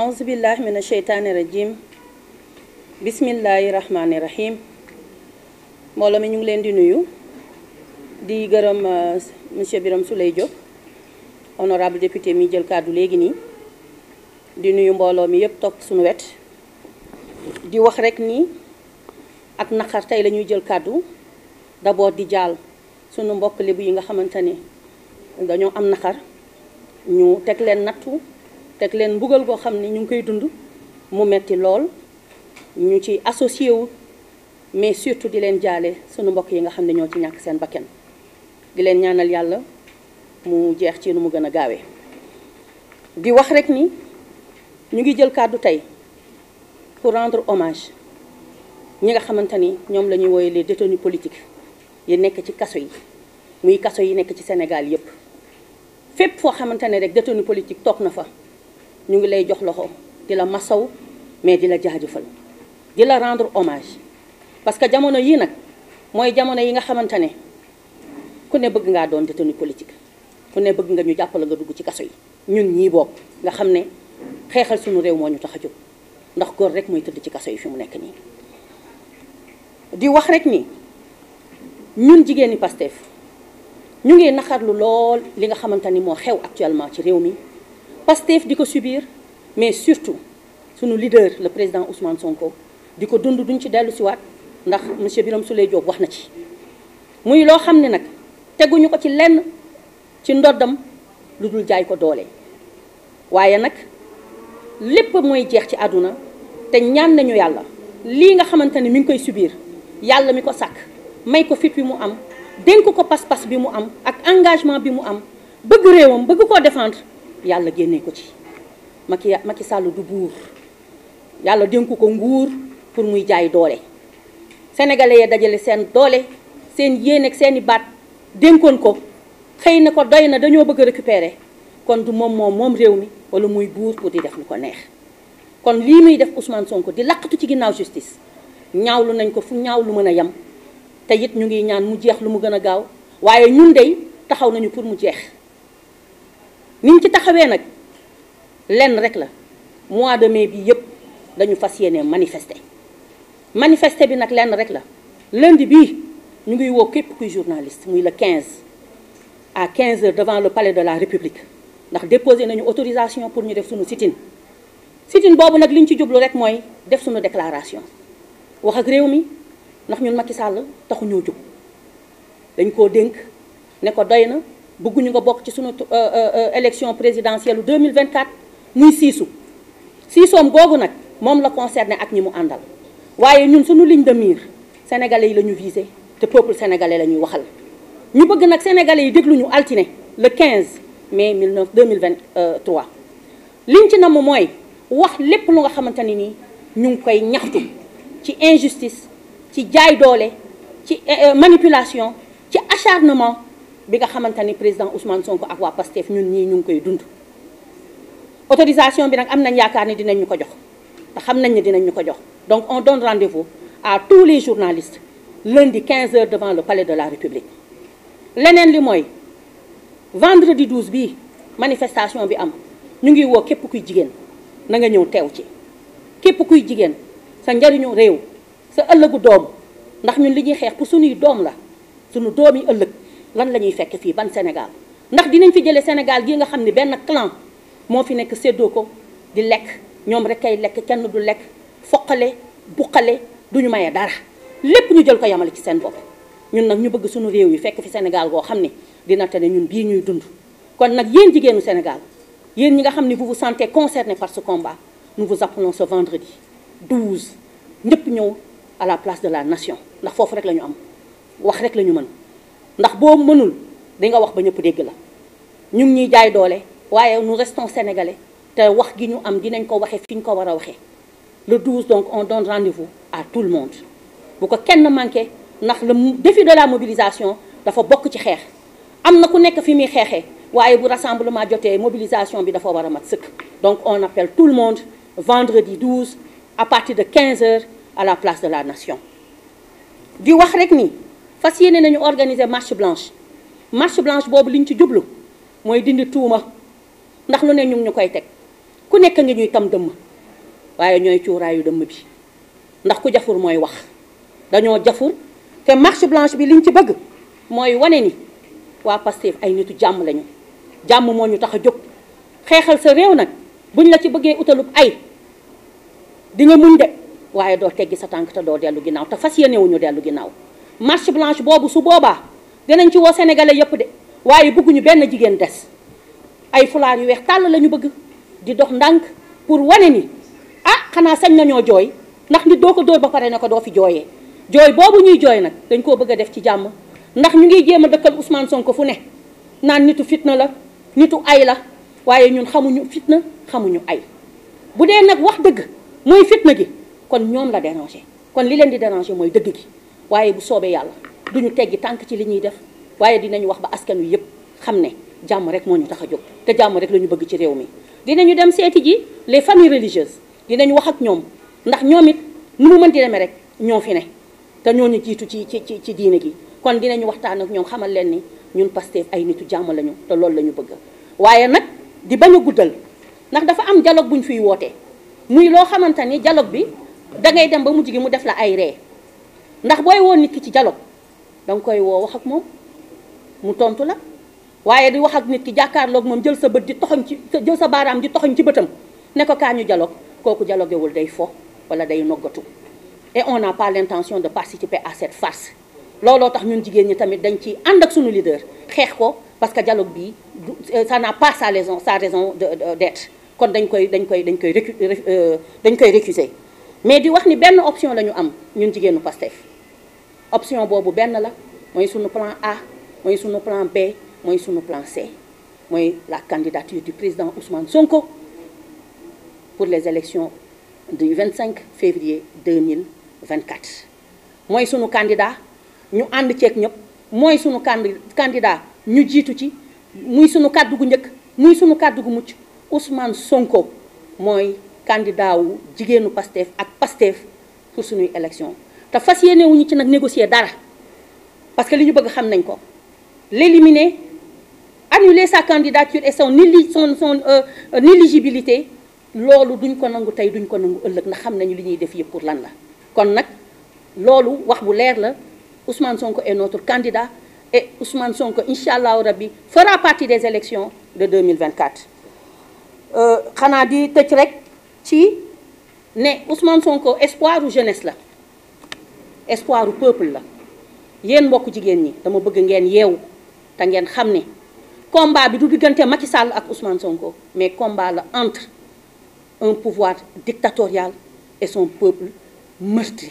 aousubillah min asheytaani rajim bismillahi rahmaani rahim mbooloo mi ñu ngi leen di nuyu di gërëm euh, monsieur Birame Souleye Diop honorable député mi jël kàddu léegi nii di nuyu mbooloo mi yépp topp suñu wet di wax rekk nii ak naqar tey la jël kàddu d'abord di jaal sunu mbokk lebu yi nga xamante ni dañoo am naqar ñu teg leen nattu teg leen mbugal goo xam ne ñu ngi koy dund mu metti lool ñu ci associé wu mais surtout di leen jaale sunu mbokk yi nga xam ne ñoo ci ñàkk seen bakken di leen ñaanal yàlla mu jeex ci nu mu gën a gaawee di wax rek ni ñu ngi jël kàddu tey pour rendre hommage ñi nga xamante ni ñoom la ñuy wooye les détenus politiques yi nekk ci kaso yi muy kaso yi nekk ci Sénégal yépp fépp foo xamante ne rek détenu politique toog na fa ñu ngi lay jox loxo di la masaw mais di la jaajëfal di la rendre hommage parce que jamono yii nag mooy jamono yi nga xamante ne ku ne bëgg ngaa doon détenu politique ku ne bëgg nga ñu jàppal nga dugg ci kaso yi ñun ñii bokk nga xam ne xeexal suñu réew moo ñu tax a jóg ndax góor rek mooy tëdd ci kaso yi fi mu nekk nii di wax rek ni ñun jigéeni Pastef ñu ngi naxarlu lool li nga xamante ni moo xew actuellement ci réew mi Pastef di ko subir mais surtout sunu leader la président Ousmane Sonko di ko dund duñ ci dellu siwaat ndax monsieur Birame Souleye joog wax na ci muy loo xam ne nag teguñu ko ci lenn ci ndoddam lu dul jaay ko doole waaye nag lépp mooy jeex ci àdduna te ñaan nañu yàlla lii nga xamante ne mi ngi koy subiir yàlla mi ko sàkk may ko fit bi mu am dénk ko pas-pas bi mu am ak engagement bi mu am bëgg réewam bëgg koo défendre yàlla génne ko ci Macky Macky sàll du buur yàlla dénku ko nguur pour muy jaay doole sénégalais ya dajale seen doole seen yéen ak seeni baat dénkoon ko xëy na ko doy na dañoo bëgg a récupérer kon du moom moom moom réew mi wala muy buur pour di def lu ko neex kon lii muy def Ousmane Sonko di laqatu ci ginnaaw justice ñaawlu nañ ko fu ñaaw lu mën a yem te it ñu ngi ñaan mu jeex lu mu gën a gaaw waaye ñun dey taxaw nañu pour mu jeex niñ ci taxawee nag lenn rek la mois de mai bi yëpp dañu fas yéene manifeste manifester bi nag lenn rek la lundi bi ñu ngiy woo képp kuy journaliste muy la quinze à quinze heures devant le palais de la république ndax déposé nañu autorisation pour ñu def suñu sit-in boobu nag li ci jublu rek mooy def suñu déclaration wax ak réew mi ndax ñun Macky sàll taxu ñoo jóg dañ koo dénk ne ko doy na bëgguñu nga bokk ci sunu euh, euh, euh, élection présidentielle 2024 muy siisu siisoom googu nag moom la concerné ak ñi mu àndal waaye ñun suñu ligne de mire sénégalais yi la ñu visé te peuple sénégalais la ñuy waxal ñu bëgg nag sénégalais yi déglu ñu altine le 15 mai 19 2023 liñ ci namm mooy wax lépp lu nga xamante ni nii ñu ngi koy ñaxtu ci injustice ci jaay doole ci manipulation ci acharnement bi nga xamante ni président Ousmane Sonko ak waa PASTEF ñun ñii ñu ngi koy dund autorisation bi nag am nañ yaakaar ni dinañ ñu ko jox te xam nañ ni dinañ ñu ko jox donc on donne rendez-vous à tous les journalistes lundi 15 heures devant le palais de la République leneen li mooy vendredi 12 bii manifestation bi am ñu ngi woo képp kuy jigéen na nga ñëw teew ci képp kuy jigéen sa njariñu réew sa ëllëgu doom ndax ñu li ñuy xeex pour suñuy doom la suñu doom yi ëllëg lan la ñuy fekk fii ban Sénégal ndax dinañ fi jëlee Sénégal gi nga xam ne benn clan moo fi nekk séddoo ko di lekk ñoom rek ay lekk kenn du lekk foqale buqale duñu maye dara lépp ñu jël ko yamale ci seen bopp ñun nag ñu bëgg suñu réew yi fekk fi Sénégal goo xam ni dina tane ñun bii ñuy dund kon nag yéen jigéenu Sénégal yéen ñi nga xam ne vous vous sentez concerné par ce combat nous vous appelons ce vendredi 12 ñëpp ñëw à la place de la nation ndax foofu rek la ñu am wax rek la ñu mën ndax boo mënul di nga wax ba ñëpp dégg la ñu ngi ñuy jaay doole waaye nous restons sénégalais te wax gi ñu am dinañ ko waxee fi ñu ko war a waxee le 12 donc on donne rendez-vous à tout le monde bu ko kenn manqué ndax la défi de la mobilisation dafa bokk ci xeex am na ku nekk fi muy xeexee waaye bu rassemblement jotee mobilisation bi dafa war a mag sëkk donc on appelle tout le monde vendredi 12 à partir de 15 heures à la place de la nation di wax rek ni fas yéene nañu organiser marche blanche marche blanche boobu liñ ci jublu mooy dindi tuuma ndax lu ne ñu ñu koy teg ku nekk ngi ñuy tam dëmm waaye ñooy cuuraayu dëmm bi ndax ku jafur mooy wax dañoo jafur te marche blanche bi liñ ci bëgg mooy wane ni waa Pastef ay nitu jàmm lañu jàmm moo ñu tax a jóg xeexal sa réew nag buñ la ci bëggee utalub ay di nga muñ de waaye doo teggi sa tànk te doo dellu ginnaaw te fas yéenewuñu dellu ginnaaw marche blanche boobu su boobaa dinañ ci woo sénégalais yëpp de waaye bëgguñu benn jigéen des ay fulaar yu weex tàll la ñu bëgg di dox ndànk pour wane ni ah xanaa sañ nañoo jooy ndax nit doo ko dóor ba pare ne ko doo fi jooyee jooy boobu ñuy jooy nag dañ koo bëgg a def ci jàmm ndax ñu ngi jéem a dëkkal Ousmane Sonko fu ne naan nitu fitna la nitu ay la waaye ñun xamuñu fitna xamuñu ay bu dee nag wax dëgg mooy fitna gi kon ñoom la déranger kon li leen di déranger mooy dëgg gi waaye bu soobee yàlla duñu teggi tànk ci li ñuy def waaye dinañu wax ba askan wi yëpp xam ne jàmm rek moo ñu tax a jóg te jàmm rek la ñu bëgg ci réew mi. dinañu dem seeti ji les familles religieuses dinañu wax ak ñoom ndax ñoom it nu mu mënti demee rek ñoo fi ne te ñooñu jiitu ci ci ci ci diine gi kon dinañu waxtaan ak ñoom xamal leen ni ñun Pastef ay nitu jàmm lañu te loolu la ñu bëgg waaye nag di bañ a guddal ndax dafa am dialogue bu fiy wootee muy loo xamante ni dialogue bi da ngay dem ba mujj gi mu def la ay ree ndax booy woon nit ki ci dialogue danga koy woo wax ak moom mu tontu la waaye di wax ak nit ki jàkkaarlook moom jël sa bët di toxoñ ci jël sa baaraam di toxoñ ci bëtam ne ko kaa ñu dialogue kooku dialoguewul day fo wala day noggatu et on n'a pas l'intention de participer à cette farce looloo tax ñun jigéen ñi tamit dañ ci ànd ak suñu leader xeex ko parce que dialogue bi euh, ça n'a pas sa raison sa raison de d'être kon dañ koy dañ koy dañ koy euh, dañ koy récuser mais di wax ni benn option la ñu am ñun jigéenu Pastef option boobu benn la mooy sunu plan A mooy sunu plan B mooy sunu plan C mooy la candidature du président Ousmane Sonko pour les élections du 25 février 2024. mooy sunu candidat ñu ànd ceeg ñëpp mooy sunu candi candidat ñu jiitu ci muy suñu kàddu gu njëkk muy sunu kàddu gu mucc Ousmane Sonko mooy candidat wu jigéenu Pastef ak Pastef pour sunuy élection te fas yéene ci nag négocier dara parce que li ñu bëgg xam nañ ko l'éliminer annuler sa candidature et son éli son son euh, euh, éligibilité loolu duñ ko nangu tey duñ ko nangu ëllëg ndax xam nañu li ñuy def yëpp pour lan la kon nag loolu wax bu leer la Ousmane Sonko est notre candidat et Ousmane Sonko incha allahu rabbi fera partie des élections de 2024 euh, xanaa di tëj rek ci ne Ousmane Sonko espoir ou jeunesse la espoir u peuple la yéen mbokk jigéen ñi dama bëgg ngeen yeewu te ngeen xam ne combat bi du diggante Macky Sall ak Ousmane Sonko mais combat la entre un pouvoir dictatorial et son peuple meurtri